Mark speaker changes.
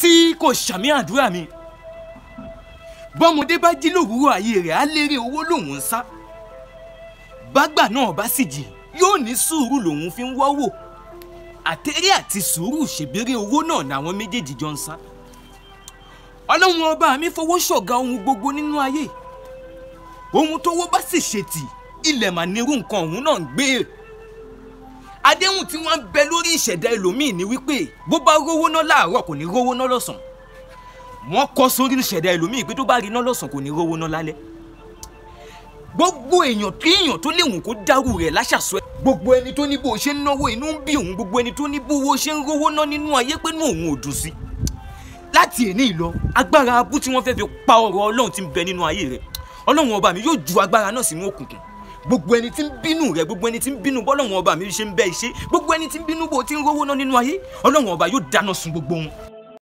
Speaker 1: tí kò ṣàmì àdúrà mi bọ́mọdé bá jí lówùúrọ̀ ayé rẹ̀ á lérè owó lòun ń sá bágbà náà bá sì jì yóò ní sùúrù lòun fi ń wọ́wọ́ àtẹ́rẹ́ àti sùúrù ṣèbéèrè owó náà làwọn méjèèjì jọ ń sá ọlọ́run ọba mi fowó ṣọ̀gá ohun gbogbo nínú ayé ohun tówó bá sì ṣètì ilẹ̀ mà nírú nǹkan òun náà ń gbé e àdéhùn tí wọ́n ń bẹ lórí ìṣẹ̀dá ẹlòmíì ni wípé bó bá rówó ná láàárọ̀ kò ní rówó ná lọ́sàn wọ́n kọ́ sórí ìṣẹ̀dá ẹlòmíì pé tó bá rí ná lọ́sàn kò ní rówó ná lálẹ́ gbogbo èèyàn kí èèyàn tó léwùn kó dárú rẹ̀ láṣàṣọ ẹ̀ gbogbo ẹni tó ní bó ṣe ń náwó inú ń bí òun gbogbo ẹni tó ní bówó ṣe ń rówó ná nínú ayé pé nú òun ò dùn sí láti èní lọ agbára abú tí wọ́n fẹ́ fi pa ọ̀rọ̀ ọlọ́run tí ń bẹ nínú ayé rẹ̀ ọlọ́run ọba mi yóò ju agbára náà sínú òkùnkùn gbogbo ẹni tí ń bínú rẹ gbogbo ẹni tí ń bínú bọ́lọ́wọ́n ọba mi ṣe ń bẹ́ iṣẹ́ gbogbo ẹni tí ń bínú bó ti ń rówó ná nínú ayé ọlọ́wọ́n
Speaker 2: ọba yóò dáná sun gbogbo wọn.